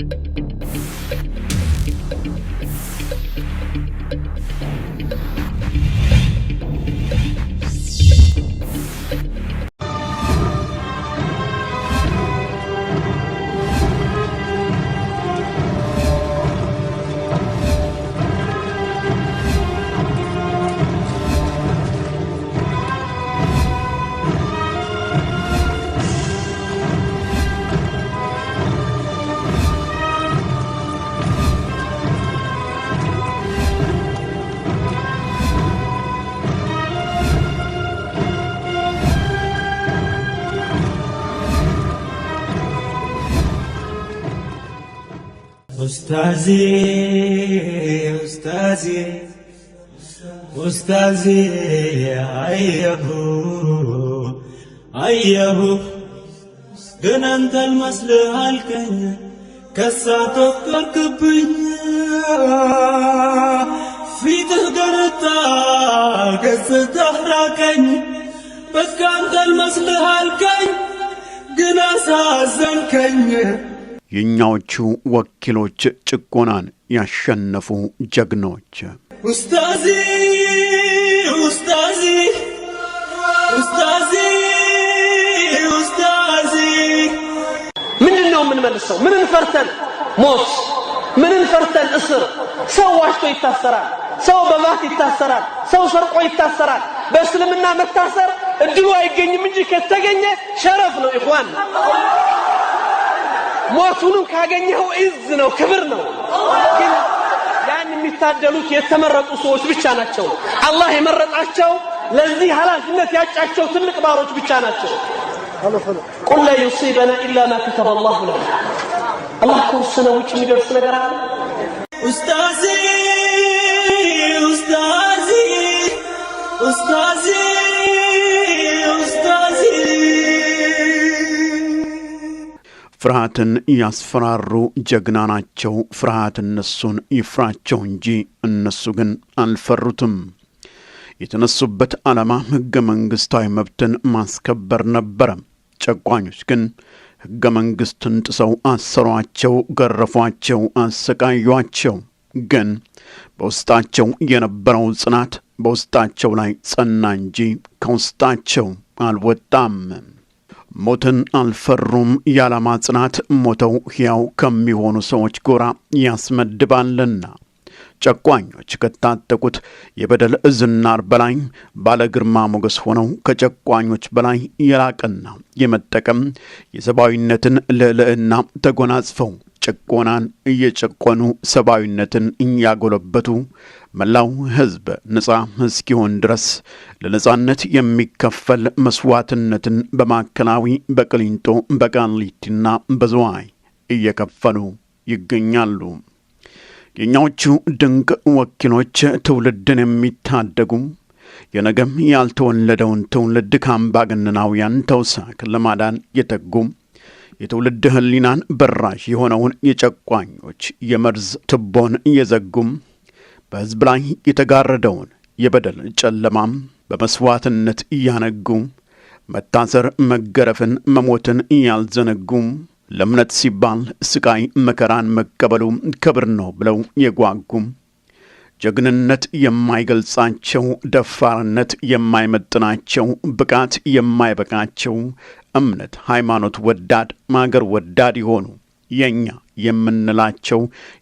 Thank you. ኡስታዜ አየሁ አየሁ ግን አንተን መስልህ አልከኝ ከሳ ተፈርክብኝ ፊትህ ገረጣ ገጽታህ ራቀኝ በቃ አንተን መስልህ አልከኝ ግን አሳዘንከኝ የእኛዎቹ ወኪሎች ጭቆናን ያሸነፉ ጀግኖች ኡስታዚ ኡስታዚ ኡስታዚ ኡስታዚ ምንድን ነው የምንመልሰው? ምንን ፈርተን ሞት፣ ምንን ፈርተን እስር። ሰው ዋሽቶ ይታሰራል። ሰው በባት ይታሰራል። ሰው ሰርቆ ይታሰራል። በእስልምና መታሰር እድሉ አይገኝም እንጂ ከተገኘ ሸረፍ ነው ይኹዋን ሞቱንም ካገኘኸው እዝ ነው፣ ክብር ነው። ግን ያን የሚታደሉት የተመረጡ ሰዎች ብቻ ናቸው። አላህ የመረጣቸው ለዚህ ኃላፊነት ያጫቸው ትልቅ ባሮች ብቻ ናቸው። ቁል ለን ዩሲበና ኢላ ማ ከተበ አላሁ ለና። አላህ ከወሰነ ውጭ የሚደርስ ነገር አለ? ፍርሃትን ያስፈራሩ ጀግና ናቸው። ፍርሃት እነሱን ይፍራቸው እንጂ እነሱ ግን አልፈሩትም። የተነሱበት ዓላማ ሕገ መንግሥታዊ መብትን ማስከበር ነበረ። ጨቋኞች ግን ሕገ መንግሥትን ጥሰው አሰሯቸው፣ ገረፏቸው፣ አሰቃዩቸው። ግን በውስጣቸው የነበረው ጽናት በውስጣቸው ላይ ጸና እንጂ ከውስጣቸው አልወጣም። ሞትን አልፈሩም። የዓላማ ጽናት ሞተው ሕያው ከሚሆኑ ሰዎች ጎራ ያስመድባልና ጨቋኞች ከታጠቁት የበደል ዝናር በላይ ባለግርማ ሞገስ ሆነው ከጨቋኞች በላይ የላቀና የመጠቀም የሰብአዊነትን ልዕልዕና ተጎናጽፈው ጭቆናን እየጨቆኑ ሰብአዊነትን እያጎለበቱ መላው ሕዝብ ነፃ እስኪሆን ድረስ ለነፃነት የሚከፈል መስዋዕትነትን በማዕከላዊ፣ በቅሊንጦ፣ በቃሊቲና በዝዋይ እየከፈሉ ይገኛሉ። የእኛዎቹ ድንቅ ወኪሎች ትውልድን የሚታደጉ የነገም ያልተወለደውን ትውልድ ከአምባገነናውያን ተውሳክ ለማዳን የተጉም የትውልድ ህሊናን በራሽ የሆነውን የጨቋኞች የመርዝ ትቦን እየዘጉም በሕዝብ ላይ የተጋረደውን የበደል ጨለማም በመሥዋዕትነት እያነጉ መታሰር፣ መገረፍን፣ መሞትን እያልዘነጉ ለእምነት ሲባል ስቃይ መከራን መቀበሉ ክብር ነው ብለው የጓጉም ጀግንነት የማይገልጻቸው፣ ደፋርነት የማይመጥናቸው፣ ብቃት የማይበቃቸው፣ እምነት ሃይማኖት ወዳድ ማገር ወዳድ የሆኑ የእኛ የምንላቸው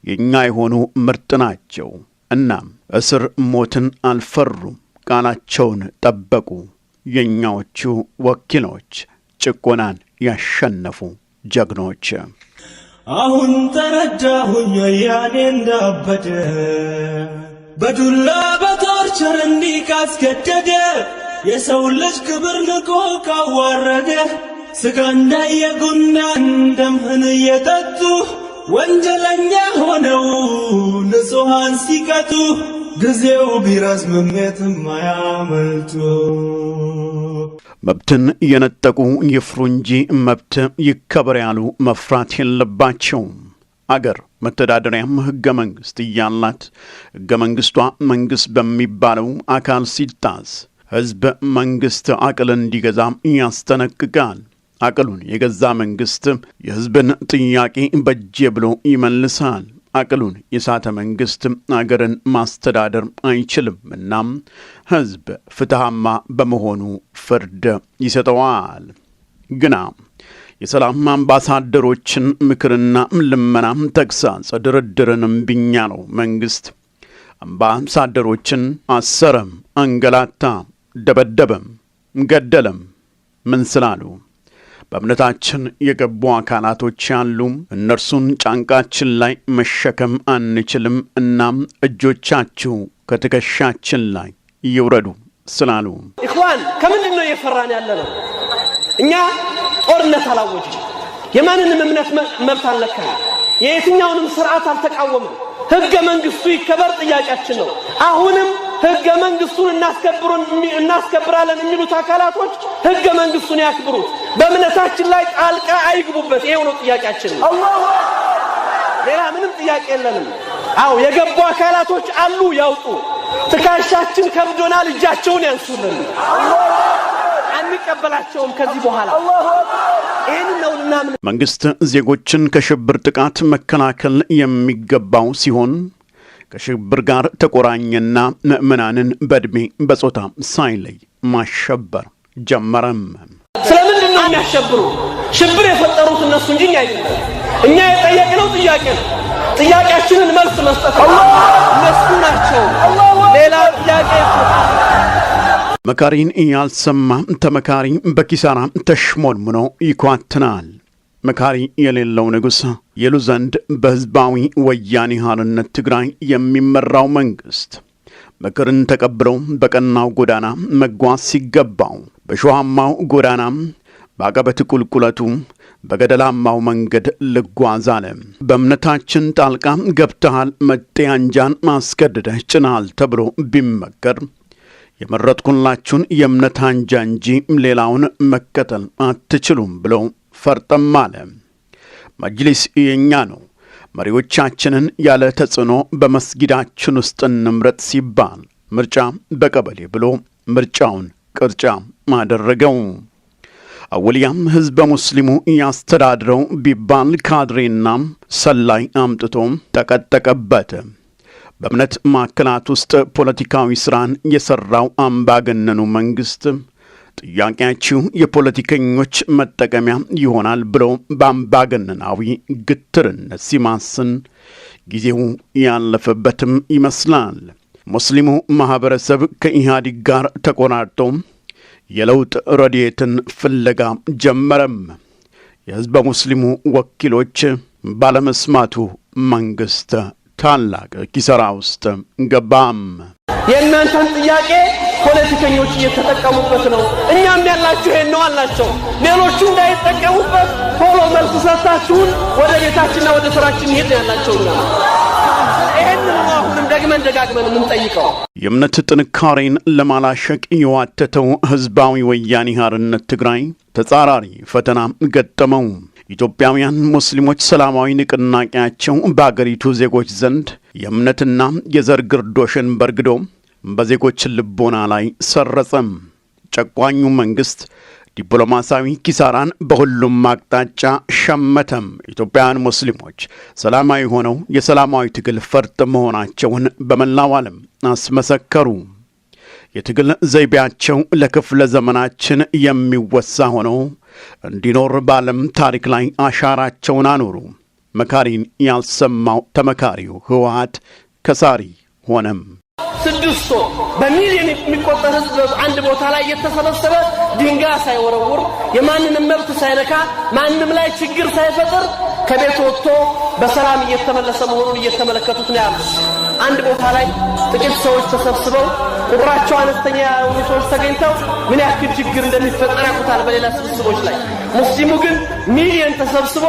የእኛ የሆኑ ምርጥ ናቸው። እናም እስር ሞትን አልፈሩም፣ ቃላቸውን ጠበቁ። የእኛዎቹ ወኪሎች ጭቆናን ያሸነፉ ጀግኖች አሁን ተረዳሁኝ ወያኔ እንዳበደ በዱላ በቶርቸር እንዲህ ካስገደደ የሰው ልጅ ክብር ንቆ ካዋረደ ስጋ እንዳየ ጎናን እየጠጡ ወንጀለኛ ሆነው ንጹሐን ሲቀጡ ጊዜው ቢረዝም የትም አያመልጡ። መብትን የነጠቁ ይፍሩ እንጂ መብት ይከበር ያሉ መፍራት የለባቸውም። አገር መተዳደሪያም ሕገ መንግሥት እያላት ሕገ መንግሥቷ መንግሥት በሚባለው አካል ሲጣስ ሕዝብ መንግሥት አቅል እንዲገዛ ያስጠነቅቃል። አቅሉን የገዛ መንግሥት የሕዝብን ጥያቄ በጄ ብሎ ይመልሳል። አቅሉን የሳተ መንግስት አገርን ማስተዳደር አይችልም። እናም ህዝብ ፍትሃማ በመሆኑ ፍርድ ይሰጠዋል። ግና የሰላም አምባሳደሮችን ምክርና ልመናም፣ ተግሳጽ፣ ድርድርንም ብኛ ነው። መንግስት አምባሳደሮችን አሰረም፣ አንገላታ፣ ደበደበም፣ ገደለም ምን ስላሉ በእምነታችን የገቡ አካላቶች ያሉ እነርሱን ጫንቃችን ላይ መሸከም አንችልም። እናም እጆቻችሁ ከትከሻችን ላይ ይውረዱ ስላሉ ኢኽዋን ከምንድን ነው እየፈራን ያለ ነው? እኛ ጦርነት አላወጅም። የማንንም እምነት መብት አልነካም። የየትኛውንም ስርዓት አልተቃወምም። ህገ መንግስቱ ይከበር ጥያቄያችን ነው አሁንም ህገ መንግስቱን እናስከብራለን የሚሉት አካላቶች ህገ መንግስቱን ያክብሩት፣ በእምነታችን ላይ ጣልቃ አይግቡበት። ይሄው ነው ጥያቄያችን። ሌላ ምንም ጥያቄ የለንም። አው የገቡ አካላቶች አሉ፣ ያውጡ። ትከሻችን ከብዶናል፣ እጃቸውን ያንሱልን። አንቀበላቸውም ከዚህ በኋላ መንግስት ዜጎችን ከሽብር ጥቃት መከላከል የሚገባው ሲሆን ከሽብር ጋር ተቆራኘና ምዕመናንን በእድሜ በጾታ ሳይለይ ማሸበር ጀመረም። ስለምንድን ነው የሚያሸብሩ? ሽብር የፈጠሩት እነሱ እንጂ እኛ አይደለም። እኛ የጠየቅነው ጥያቄ ነው። ጥያቄያችንን መልስ መስጠት እነሱ ናቸው። ሌላ ጥያቄ መካሪን ያልሰማ ተመካሪ በኪሳራ ተሽሞንምኖ ይኳትናል። መካሪ የሌለው ንጉሥ ይሉ ዘንድ በሕዝባዊ ወያኔ ሓርነት ትግራይ የሚመራው መንግሥት ምክርን ተቀብለው በቀናው ጎዳና መጓዝ ሲገባው በሾሃማው ጎዳና በአቀበት ቁልቁለቱ በገደላማው መንገድ ልጓዝ አለ። በእምነታችን ጣልቃ ገብተሃል፣ መጤያንጃን አንጃን ማስገድደህ ተብሎ ቢመከር የመረጥኩላችሁን የእምነት አንጃ እንጂ ሌላውን መከተል አትችሉም ብለው ፈርጠም አለ። መጅሊስ የኛ ነው፣ መሪዎቻችንን ያለ ተጽዕኖ በመስጊዳችን ውስጥ እንምረጥ ሲባል ምርጫ በቀበሌ ብሎ ምርጫውን ቅርጫ አደረገው። አወልያም ህዝበ ሙስሊሙ ያስተዳድረው ቢባል ካድሬና ሰላይ አምጥቶ ጠቀጠቀበት። በእምነት ማዕከላት ውስጥ ፖለቲካዊ ስራን የሰራው አምባገነኑ መንግስት ጥያቄያችሁ የፖለቲከኞች መጠቀሚያ ይሆናል ብሎ በአምባገነናዊ ግትርነት ሲማስን ጊዜው ያለፈበትም ይመስላል። ሙስሊሙ ማኅበረሰብ ከኢህአዲግ ጋር ተቆራርጦ የለውጥ ረድኤትን ፍለጋ ጀመረም። የሕዝበ ሙስሊሙ ወኪሎች ባለመስማቱ መንግሥት ታላቅ ኪሰራ ውስጥ ገባም። የእናንተን ጥያቄ ፖለቲከኞች እየተጠቀሙበት ነው። እኛም ያላችሁ ይሄን ነው አላቸው። ሌሎቹ እንዳይጠቀሙበት ቶሎ መልስ ሰጥታችሁን ወደ ቤታችንና ወደ ስራችን ይሄድ ያላቸው እኛ ደግመን ደጋግመን የምንጠይቀው የእምነት ጥንካሬን ለማላሸቅ የዋተተው ህዝባዊ ወያኔ ሓርነት ትግራይ ተጻራሪ ፈተናም ገጠመው። ኢትዮጵያውያን ሙስሊሞች ሰላማዊ ንቅናቄያቸው በአገሪቱ ዜጎች ዘንድ የእምነትና የዘር ግርዶሽን በርግዶ በዜጎች ልቦና ላይ ሰረጸም። ጨቋኙ መንግሥት ዲፕሎማሲያዊ ኪሳራን በሁሉም አቅጣጫ ሸመተም። ኢትዮጵያውያን ሙስሊሞች ሰላማዊ ሆነው የሰላማዊ ትግል ፈርጥ መሆናቸውን በመላው ዓለም አስመሰከሩ። የትግል ዘይቤያቸው ለክፍለ ዘመናችን የሚወሳ ሆነው እንዲኖር በዓለም ታሪክ ላይ አሻራቸውን አኖሩ። መካሪን ያልሰማው ተመካሪው ህወሀት ከሳሪ ሆነም። ስድስቶ በሚሊዮን የሚቆጠር ህዝብ አንድ ቦታ ላይ የተሰበሰበ ድንጋይ ሳይወረውር የማንንም መብት ሳይነካ ማንም ላይ ችግር ሳይፈጥር ከቤት ወጥቶ በሰላም እየተመለሰ መሆኑን እየተመለከቱት ነው ያሉት። አንድ ቦታ ላይ ጥቂት ሰዎች ተሰብስበው ቁጥራቸው አነስተኛ የሆኑ ሰዎች ተገኝተው ምን ያክል ችግር እንደሚፈጠር ያውቁታል። በሌላ ስብስቦች ላይ ሙስሊሙ ግን ሚሊዮን ተሰብስቦ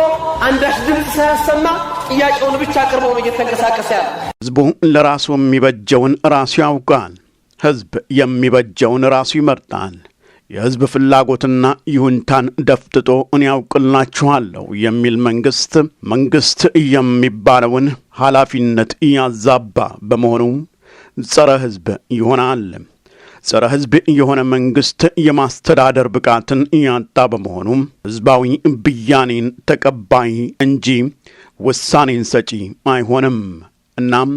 አንዳች ድምፅ ሳያሰማ ጥያቄውን ብቻ አቅርቦ ነው እየተንቀሳቀሰ ያለ። ህዝቡ ለራሱ የሚበጀውን ራሱ ያውቃል። ህዝብ የሚበጀውን ራሱ ይመርጣል። የህዝብ ፍላጎትና ይሁንታን ደፍጥጦ እኔ ያውቅላችኋለሁ የሚል መንግስት መንግስት የሚባለውን ኃላፊነት እያዛባ በመሆኑም ጸረ ሕዝብ ይሆናል። ጸረ ሕዝብ የሆነ መንግስት የማስተዳደር ብቃትን ያጣ በመሆኑ ህዝባዊ ብያኔን ተቀባይ እንጂ ውሳኔን ሰጪ አይሆንም። እናም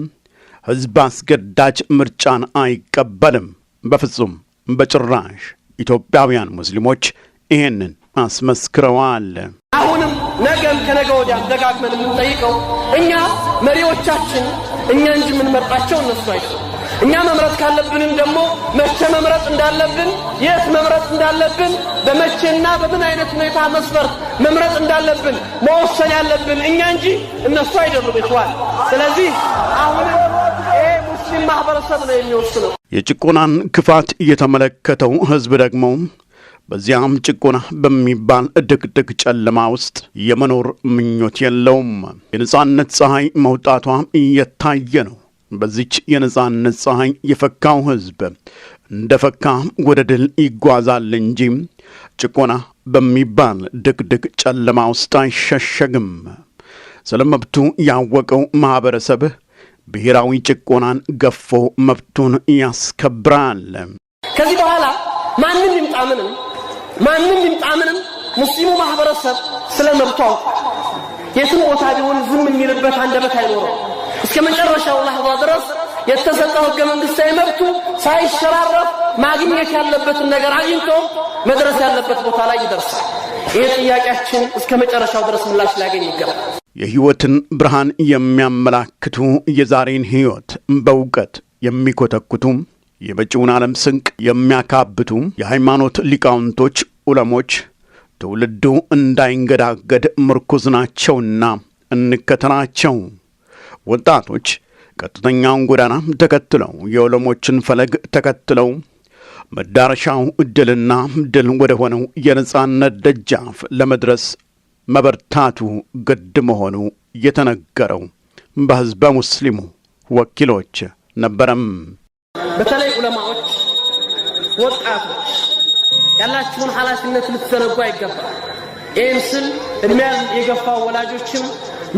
ህዝብ አስገዳጅ ምርጫን አይቀበልም። በፍጹም በጭራሽ። ኢትዮጵያውያን ሙስሊሞች ይሄንን አስመስክረዋል። አሁንም ነገም ከነገ ወዲያ ደጋግመን የምንጠይቀው እኛ መሪዎቻችን እኛ እንጂ የምንመርጣቸው እነሱ አይደለም። እኛ መምረጥ ካለብንም ደግሞ መቼ መምረጥ እንዳለብን፣ የት መምረጥ እንዳለብን፣ በመቼና በምን አይነት ሁኔታ መስፈርት መምረጥ እንዳለብን መወሰን ያለብን እኛ እንጂ እነሱ አይደሉም። ይችዋል ስለዚህ አሁንም ይሄ ሙስሊም ማህበረሰብ ነው የሚወስነው። የጭቆናን ክፋት እየተመለከተው ህዝብ ደግሞ በዚያም ጭቆና በሚባል ድቅድቅ ጨለማ ውስጥ የመኖር ምኞት የለውም። የነጻነት ፀሐይ መውጣቷ እየታየ ነው። በዚች የነጻነት ፀሐይ የፈካው ሕዝብ እንደ ፈካ ወደ ድል ይጓዛል እንጂ ጭቆና በሚባል ድቅድቅ ጨለማ ውስጥ አይሸሸግም። ስለ መብቱ ያወቀው ማኅበረሰብ ብሔራዊ ጭቆናን ገፎ መብቱን ያስከብራል። ከዚህ በኋላ ማንም ይምጣምንም ማንም ይምጣምንም ሙስሊሙ ማኅበረሰብ ስለ መብቱ የትም ቦታ ቢሆን ዝም የሚልበት አንደበት አይኖረው። እስከ መጨረሻው ላህዛ ድረስ የተሰጠው ህገ መንግስታዊ መብቱ ሳይሸራረፍ ማግኘት ያለበትን ነገር አግኝቶ መድረስ ያለበት ቦታ ላይ ይደርሳል። ይህ ጥያቄያችን እስከ መጨረሻው ድረስ ምላሽ ሊያገኝ ይገባል። የህይወትን ብርሃን የሚያመላክቱ የዛሬን ህይወት በእውቀት የሚኮተኩቱም የመጪውን ዓለም ስንቅ የሚያካብቱ የሃይማኖት ሊቃውንቶች፣ ዑለሞች ትውልዱ እንዳይንገዳገድ ምርኩዝ ናቸውና እንከተናቸው። ወጣቶች ቀጥተኛውን ጎዳና ተከትለው የወለሞችን ፈለግ ተከትለው መዳረሻው ድልና ድል ወደ ሆነው የነጻነት ደጃፍ ለመድረስ መበርታቱ ግድ መሆኑ የተነገረው በሕዝበ ሙስሊሙ ወኪሎች ነበረም። በተለይ ዑለማዎች፣ ወጣቶች ያላችሁን ኃላፊነት ልትዘነጉ አይገባል። ይህም ስል እድሜ የገፋው ወላጆችም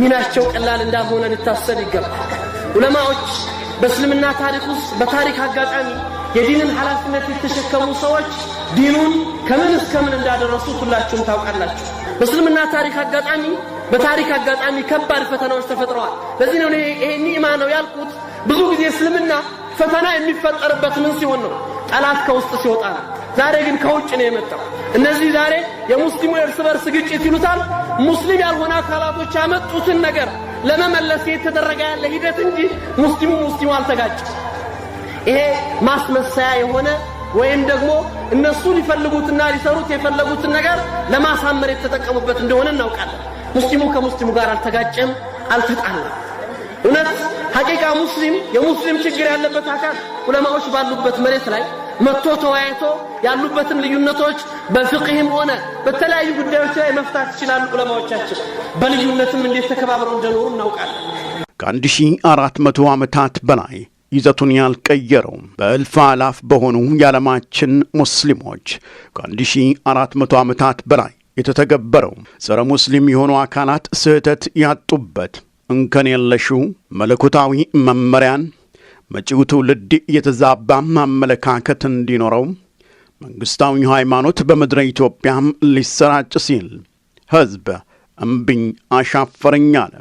ሚናቸው ቀላል እንዳልሆነ ልታሰብ ይገባል። ዑለማዎች በእስልምና ታሪክ ውስጥ በታሪክ አጋጣሚ የዲንን ኃላፊነት የተሸከሙ ሰዎች ዲኑን ከምን እስከ ምን እንዳደረሱ ሁላችሁም ታውቃላችሁ። በእስልምና ታሪክ አጋጣሚ በታሪክ አጋጣሚ ከባድ ፈተናዎች ተፈጥረዋል። ለዚህ ነው ይሄ ኒዕማ ነው ያልኩት። ብዙ ጊዜ እስልምና ፈተና የሚፈጠርበት ምን ሲሆን ነው? ጠላት ከውስጥ ሲወጣ ነው። ዛሬ ግን ከውጭ ነው የመጣው። እነዚህ ዛሬ የሙስሊሙ የእርስ በርስ ግጭት ይሉታል፣ ሙስሊም ያልሆነ አካላቶች ያመጡትን ነገር ለመመለስ የተደረገ ያለ ሂደት እንጂ ሙስሊሙ ሙስሊሙ አልተጋጭም። ይሄ ማስመሰያ የሆነ ወይም ደግሞ እነሱ ሊፈልጉትና ሊሰሩት የፈለጉትን ነገር ለማሳመር የተጠቀሙበት እንደሆነ እናውቃለን። ሙስሊሙ ከሙስሊሙ ጋር አልተጋጨም፣ አልተጣለም። እውነት ሐቂቃ ሙስሊም የሙስሊም ችግር ያለበት አካል ዑለማዎች ባሉበት መሬት ላይ መጥቶ ተወያይቶ ያሉበትን ልዩነቶች በፍቅህም ሆነ በተለያዩ ጉዳዮች ላይ መፍታት ይችላሉ። ዑለማዎቻችን በልዩነትም እንዴት ተከባብረው እንደኖሩ እናውቃለን። ከአንድ ሺህ አራት መቶ ዓመታት በላይ ይዘቱን ያልቀየረው በእልፍ አላፍ በሆኑ የዓለማችን ሙስሊሞች ከአንድ ሺህ አራት መቶ ዓመታት በላይ የተተገበረው ጸረ ሙስሊም የሆኑ አካላት ስህተት ያጡበት እንከን የለሹ መለኮታዊ መመሪያን መጪው ትውልድ የተዛባም አመለካከት እንዲኖረው መንግሥታዊ ሃይማኖት በምድረ ኢትዮጵያም ሊሰራጭ ሲል ሕዝብ እምቢኝ አሻፈረኝ አለ።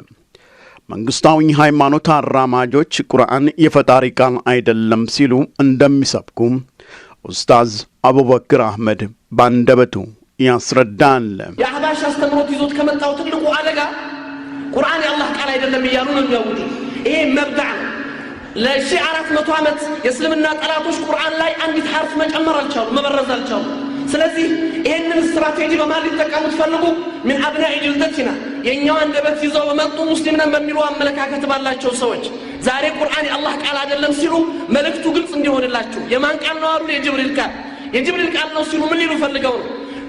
መንግሥታዊ ሃይማኖት አራማጆች ቁርአን የፈጣሪ ቃል አይደለም ሲሉ እንደሚሰብኩ ኡስታዝ አቡበክር አህመድ ባንደበቱ ያስረዳል። የአህባሽ አስተምሮት ይዞት ከመጣው ትልቁ አደጋ ቁርአን የአላህ ቃል አይደለም እያሉ ነው ይሄ መብዳዕ ነው ለሺ አራት መቶ ዓመት የእስልምና ጠላቶች ቁርአን ላይ አንዲት ሐርፍ መጨመር አልቻሉ መበረዝ አልቻሉ ስለዚህ ይህንን ስትራቴጂ በማን ሊጠቀሙት ፈልጉ ምን አብናኢ ጅልደቲና የእኛው አንደበት ይዘው በመጡ ሙስሊምነን በሚሉ አመለካከት ባላቸው ሰዎች ዛሬ ቁርአን የአላህ ቃል አይደለም ሲሉ መልእክቱ ግልጽ እንዲሆንላችሁ የማን ቃል ነው አሉ የጅብሪል ቃል የጅብሪል ቃል ነው ሲሉ ምን ሊሉ ፈልገው ነው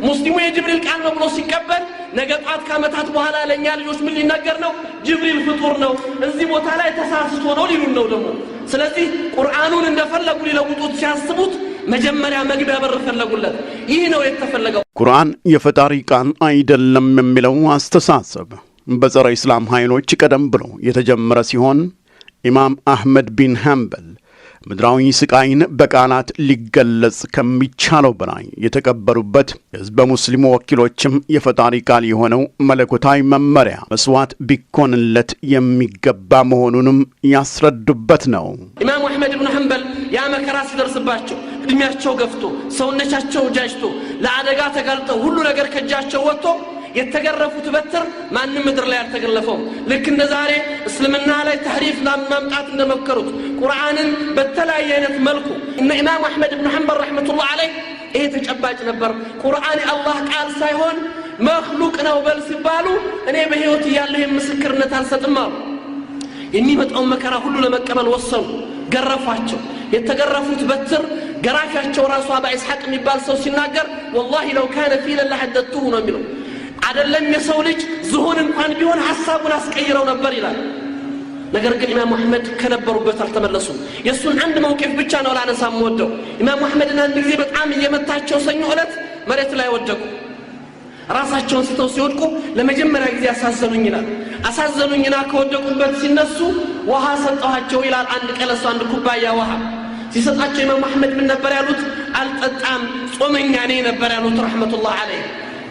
ሙስሊሙ የጅብሪል ቃል ነው ብሎ ሲቀበል ነገ ጧት ከዓመታት በኋላ ለእኛ ልጆች ምን ሊነገር ነው? ጅብሪል ፍጡር ነው፣ እዚህ ቦታ ላይ ተሳስቶ ነው ሊሉን ነው ደግሞ። ስለዚህ ቁርአኑን እንደፈለጉ ሊለውጡት ሲያስቡት መጀመሪያ መግቢያ በር ፈለጉለት። ይህ ነው የተፈለገው። ቁርአን የፈጣሪ ቃል አይደለም የሚለው አስተሳሰብ በጸረ ኢስላም ኃይሎች ቀደም ብሎ የተጀመረ ሲሆን ኢማም አህመድ ቢን ሐንበል ምድራዊ ስቃይን በቃላት ሊገለጽ ከሚቻለው በላይ የተቀበሩበት የሕዝበ ሙስሊሙ ወኪሎችም የፈጣሪ ቃል የሆነው መለኮታዊ መመሪያ መስዋዕት ቢኮንለት የሚገባ መሆኑንም ያስረዱበት ነው። ኢማሙ አሕመድ ብን ሐንበል ያ መከራ ሲደርስባቸው እድሜያቸው ገፍቶ ሰውነቻቸው እጃጅቶ ለአደጋ ተጋልጠው ሁሉ ነገር ከእጃቸው ወጥቶ የተገረፉት በትር ማንም ምድር ላይ አልተገለፈውም። ልክ እንደ ዛሬ እስልምና ላይ ተሕሪፍ ማምጣት እንደመከሩት ቁርአንን በተለያየ አይነት መልኩ እነ ኢማም አሕመድ ብን ሐንበል ረሕመቱላህ ዓለይህ ይሄ ተጨባጭ ነበር። ቁርአን የአላህ ቃል ሳይሆን መክሉቅ ነው በል ሲባሉ እኔ በሕይወት እያለሁ የምስክርነት አልሰጥም አሉ። የሚመጣውን መከራ ሁሉ ለመቀበል ወሰኑ። ገረፏቸው። የተገረፉት በትር ገራፊያቸው ራሱ አባ ኢስሐቅ የሚባል ሰው ሲናገር ወላሂ ለው ካነ ፊለን ለሐደድቱሁ ነው የሚለው አደለም የሰው ልጅ ዝሆን እንኳን ቢሆን ሀሳቡን አስቀይረው ነበር ይላል። ነገር ግን ኢማም አሕመድ ከነበሩበት አልተመለሱም። የእሱን አንድ መውቄፍ ብቻ ነው ላነሳ ወደው ኢማም አሕመድን አንድ ጊዜ በጣም እየመታቸው ሰኞ ዕለት መሬት ላይ ወደቁ። ራሳቸውን ስተው ሲወድቁ ለመጀመሪያ ጊዜ አሳዘኑኝ ይላል። አሳዘኑኝና ከወደቁበት ሲነሱ ውሃ ሰጠኋቸው ይላል። አንድ ቀለሱ አንድ ኩባያ ውሃ ሲሰጣቸው ኢማም አሕመድ ምን ነበር ያሉት? አልጠጣም ጾመኛ ነኝ ነበር ያሉት ረሕመቱላህ አለይህ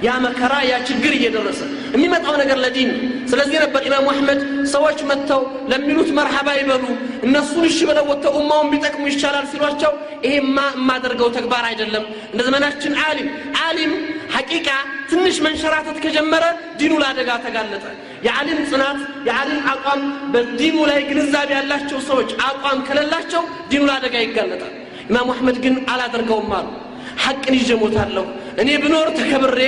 ያ መከራ ያ ችግር እየደረሰ የሚመጣው ነገር ለዲን ስለዚህ ነበር ኢማሙ አሕመድ ሰዎች መጥተው ለሚሉት መርሐባ ይበሉ እነሱን እሺ ብለው ወጥተው እማውን ቢጠቅሙ ይቻላል ሲሏቸው ይሄ የማደርገው ተግባር አይደለም እንደ ዘመናችን አሊም አሊም ሐቂቃ ትንሽ መንሸራተት ከጀመረ ዲኑ ለአደጋ ተጋለጠ የዓሊም ጽናት የዓሊም አቋም በዲኑ ላይ ግንዛቤ ያላቸው ሰዎች አቋም ከሌላቸው ዲኑ ለአደጋ ይጋለጣል ኢማሙ አሕመድ ግን አላደርገውም አሉ ሐቅን ይዤ ሞታለሁ። እኔ ብኖር ተከብሬ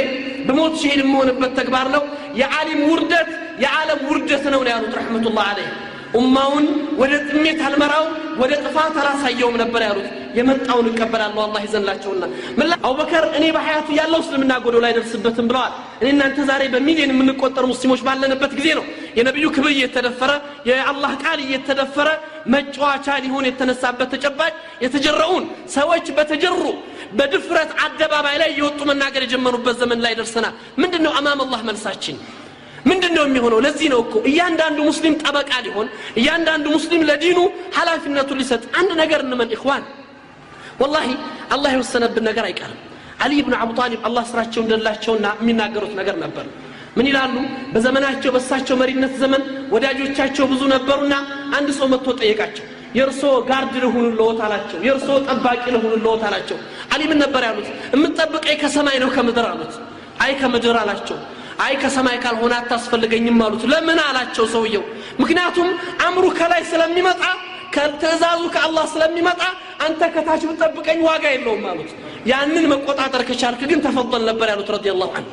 ብሞት ሲሄድ የምሆንበት ተግባር ነው። የዓሊም ውርደት የዓለም ውርደት ነው ያሉት ረሕመቱላህ አለይህ። ኡማውን ወደ ጥሜት አልመራው ወደ ጥፋት አላሳየውም ነበር ያሉት። የመጣውን እቀበላለሁ አላህ ይዘንላቸውና። ምላ አቡበከር እኔ በሀያቱ ያለው እስልምና ጎዶሎ አይደርስበትም ብለዋል። እኔ እናንተ ዛሬ በሚሊዮን የምንቆጠር ሙስሊሞች ባለንበት ጊዜ ነው የነቢዩ ክብር እየተደፈረ የአላህ ቃል እየተደፈረ መጫወቻ ሊሆን የተነሳበት ተጨባጭ የተጀረውን ሰዎች በተጀሩ በድፍረት አደባባይ ላይ እየወጡ መናገር የጀመሩበት ዘመን ላይ ደርሰናል ምንድን ነው አማም አላህ መልሳችን ምንድን ነው የሚሆነው ለዚህ ነው እኮ እያንዳንዱ ሙስሊም ጠበቃ ሊሆን እያንዳንዱ ሙስሊም ለዲኑ ኃላፊነቱን ሊሰጥ አንድ ነገር እንመን ኢኽዋን ወላሂ አላህ የወሰነብን ነገር አይቀርም አሊ ብን አቡ ጣሊብ አላህ ስራቸው እንደላቸውና የሚናገሩት ነገር ነበር ምን ይላሉ በዘመናቸው በእሳቸው መሪነት ዘመን ወዳጆቻቸው ብዙ ነበሩና አንድ ሰው መጥቶ ጠየቃቸው የእርሶ ጋርድ ልሁንልዎት አላቸው የእርሶ ጠባቂ ልሁንልዎት አላቸው አሊ ምን ነበር ያሉት የምትጠብቀኝ ከሰማይ ነው ከምድር አሉት አይ ከምድር አላቸው አይ ከሰማይ ካልሆነ አታስፈልገኝም አሉት ለምን አላቸው ሰውየው ምክንያቱም አምሩ ከላይ ስለሚመጣ ትእዛዙ ከአላህ ስለሚመጣ አንተ ከታች ብጠብቀኝ ዋጋ የለውም አሉት ያንን መቆጣጠር ከቻልክ ግን ተፈضል ነበር ያሉት ረዲ ላሁ አንሁ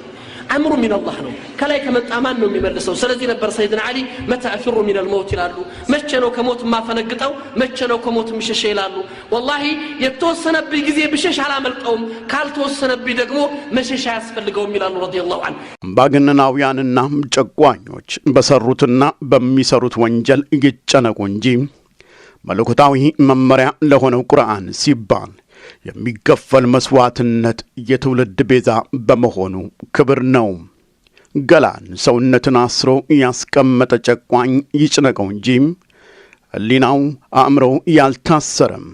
አምሩ ሚንላህ ነው ከላይ ከመጣ ማን ነው የሚመልሰው ስለዚህ ነበር ሰይድና አሊ መታ አፊሩ ሚነል መውት ይላሉ መቼ ነው ከሞት የማፈነግጠው መቼ ነው ከሞት ምሸሸ ይላሉ ወላሂ የተወሰነብኝ ጊዜ ብሸሽ አላመልጠውም ካልተወሰነብኝ ደግሞ መሸሻ አያስፈልገውም ይላሉ ረዲየላሁ አን አምባገነናውያንና ጨቋኞች በሰሩትና በሚሰሩት ወንጀል ይጨነቁ እንጂ መለኮታዊ መመሪያ ለሆነው ቁርአን ሲባል የሚገፈል መሥዋዕትነት የትውልድ ቤዛ በመሆኑ ክብር ነው። ገላን ሰውነትን አስሮ ያስቀመጠ ጨቋኝ ይጭነቀው እንጂ ሕሊናው አእምሮው ያልታሰረም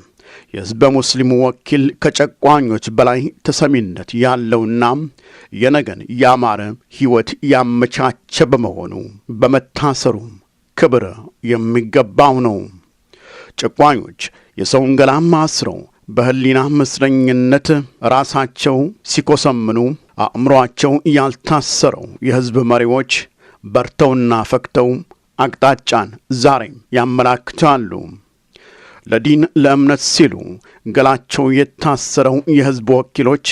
የሕዝበ ሙስሊሙ ወኪል ከጨቋኞች በላይ ተሰሚነት ያለውና የነገን ያማረ ሕይወት ያመቻቸ በመሆኑ በመታሰሩ ክብር የሚገባው ነው። ጨቋኞች የሰውን ገላም አስረው በህሊና መስረኝነት ራሳቸው ሲኮሰምኑ አእምሯቸው ያልታሰረው የሕዝብ መሪዎች በርተውና ፈክተው አቅጣጫን ዛሬም ያመላክታሉ። ለዲን ለእምነት ሲሉ ገላቸው የታሰረው የሕዝብ ወኪሎች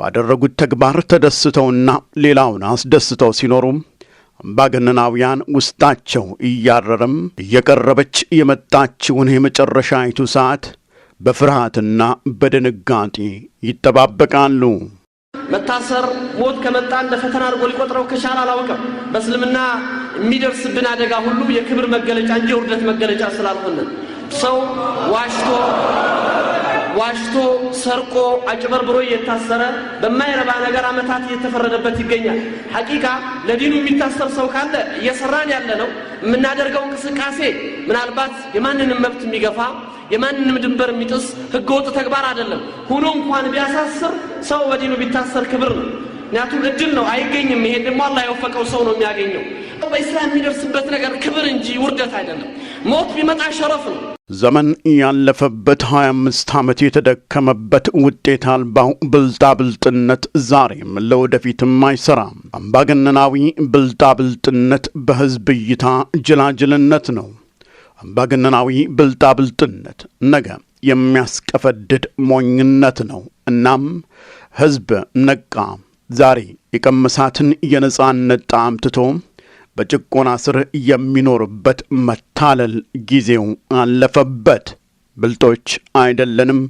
ባደረጉት ተግባር ተደስተውና ሌላውን አስደስተው ሲኖሩ አምባገነናውያን ውስጣቸው እያረረም እየቀረበች የመጣችውን የመጨረሻይቱ ሰዓት በፍርሃትና በድንጋጤ ይጠባበቃሉ። መታሰር ሞት ከመጣ እንደ ፈተና አድርጎ ሊቆጥረው ከቻለ አላውቅም። በእስልምና የሚደርስብን አደጋ ሁሉ የክብር መገለጫ እንጂ የውርደት መገለጫ ስላልሆነ ሰው ዋሽቶ ዋሽቶ ሰርቆ አጭበርብሮ እየታሰረ በማይረባ ነገር ዓመታት እየተፈረደበት ይገኛል። ሐቂቃ ለዲኑ የሚታሰር ሰው ካለ እየሰራን ያለ ነው የምናደርገው እንቅስቃሴ ምናልባት የማንንም መብት የሚገፋ የማንንም ድንበር የሚጥስ ህገወጥ ተግባር አይደለም። ሁኖ እንኳን ቢያሳስር ሰው በዲኑ ቢታሰር ክብር ነው። ምክንያቱም እድል ነው አይገኝም። ይሄ ደግሞ አላህ የወፈቀው ሰው ነው የሚያገኘው። በኢስላም የሚደርስበት ነገር ክብር እንጂ ውርደት አይደለም። ሞት ቢመጣ ሸረፍ ነው። ዘመን ያለፈበት 25 ዓመት የተደከመበት ውጤት አልባው ብልጣብልጥነት ዛሬም ለወደፊትም አይሰራም። አምባገነናዊ ብልጣብልጥነት በህዝብ እይታ ጅላጅልነት ነው። አምባገነናዊ ብልጣብልጥነት ነገ የሚያስቀፈድድ ሞኝነት ነው። እናም ሕዝብ ነቃ። ዛሬ የቀመሳትን የነጻነት ጣዕም ትቶ በጭቆና ስር የሚኖርበት መታለል ጊዜው አለፈበት። ብልጦች አይደለንም፣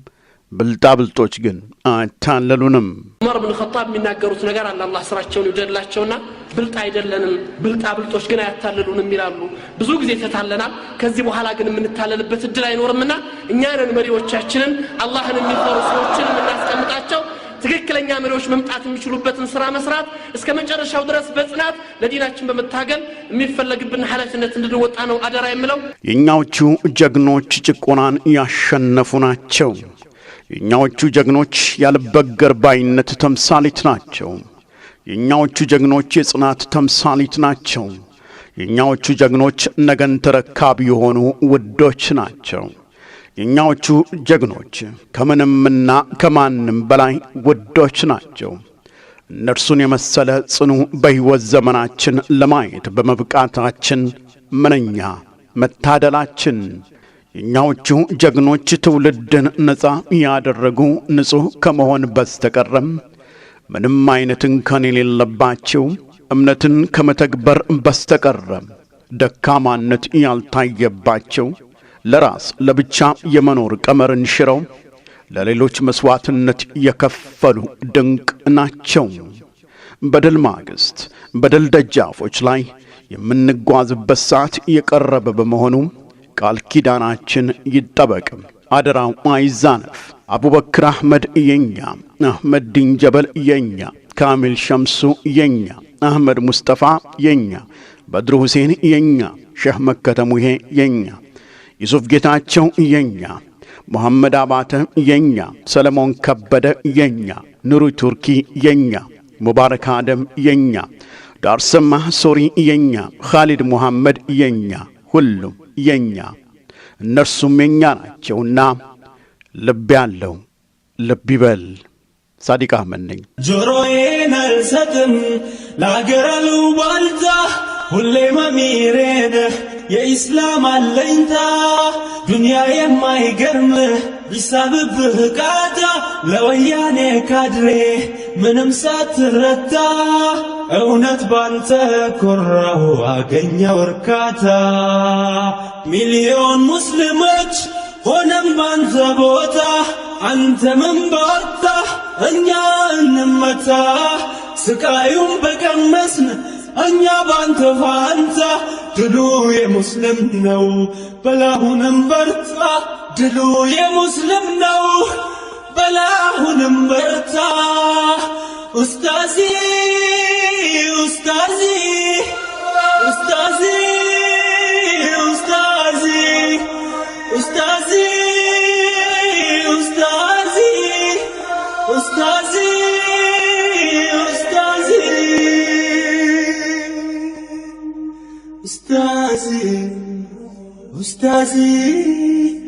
ብልጣብልጦች ግን አይታለሉንም። ዑመር ብን ኸጣብ የሚናገሩት ነገር አለ። አላህ ስራቸውን ይውደድላቸውና ብልጥ አይደለንም፣ ብልጣ ብልጦች ግን አያታልሉንም ይላሉ። ብዙ ጊዜ ተታለናል። ከዚህ በኋላ ግን የምንታለልበት እድል አይኖርምና እኛንን መሪዎቻችንን አላህን የሚፈሩ ሰዎችን የምናስቀምጣቸው ትክክለኛ መሪዎች መምጣት የሚችሉበትን ስራ መስራት እስከ መጨረሻው ድረስ በጽናት ለዲናችን በመታገል የሚፈለግብን ኃላፊነት እንድንወጣ ነው አደራ የምለው። የእኛዎቹ ጀግኖች ጭቆናን ያሸነፉ ናቸው። የእኛዎቹ ጀግኖች ያልበገር ባይነት ተምሳሌት ናቸው። የእኛዎቹ ጀግኖች የጽናት ተምሳሊት ናቸው። የእኛዎቹ ጀግኖች ነገን ተረካቢ የሆኑ ውዶች ናቸው። የእኛዎቹ ጀግኖች ከምንምና ከማንም በላይ ውዶች ናቸው። እነርሱን የመሰለ ጽኑ በሕይወት ዘመናችን ለማየት በመብቃታችን ምንኛ መታደላችን። የእኛዎቹ ጀግኖች ትውልድን ነፃ ያደረጉ ንጹሕ ከመሆን በስተቀረም ምንም አይነት እንከን የሌለባቸው እምነትን ከመተግበር በስተቀር ደካማነት ያልታየባቸው ለራስ ለብቻ የመኖር ቀመርን ሽረው ለሌሎች መሥዋዕትነት የከፈሉ ድንቅ ናቸው። በድል ማግስት በድል ደጃፎች ላይ የምንጓዝበት ሰዓት የቀረበ በመሆኑ ቃል ኪዳናችን ይጠበቅም፣ አደራው አይዛነፍ። አቡበክር አህመድ የኛ፣ አህመድ ዲንጀበል የኛ፣ ካሚል ሸምሱ የኛ፣ አህመድ ሙስጠፋ የኛ፣ በድሩ ሁሴን የኛ፣ ሸህ መከተሙሄ የኛ፣ ዩሱፍ ጌታቸው የኛ፣ መሐመድ አባተ የኛ፣ ሰለሞን ከበደ የኛ፣ ኑሩ ቱርኪ የኛ፣ ሙባረክ አደም የኛ፣ ዳርሰማ ሶሪ የኛ፣ ኻሊድ ሙሐመድ የኛ፣ ሁሉም የኛ፣ እነርሱም የኛ ናቸውና ልቤ አለው ልብ ይበል። ሳዲቅ አህመድ ነኝ። ጆሮዬን አልሰጥም ለአገር ባልታ ሁሌ መሚሬነ የኢስላም አለኝታ፣ ዱንያ የማይገርምህ ቢሳብብህ ቃታ፣ ለወያኔ ካድሬ ምንም ሳትረታ፣ እውነት ባንተ ኮራሁ አገኘው እርካታ። ሚሊዮን ሙስሊሞች ሆነም ባንተ ቦታ አንተምን ባጣ እኛ እንመታ ስቃዩን በቀመስን እኛ ባንተ ፋንታ ድሉ የሙስልም ነው በላሁንም በርታ ድሉ የሙስልም ነው በላሁንም በርታ ኡስታዚ ኡስታዚ Ustazi, Ustazi, Ustazi, Ustazi, Ustazi,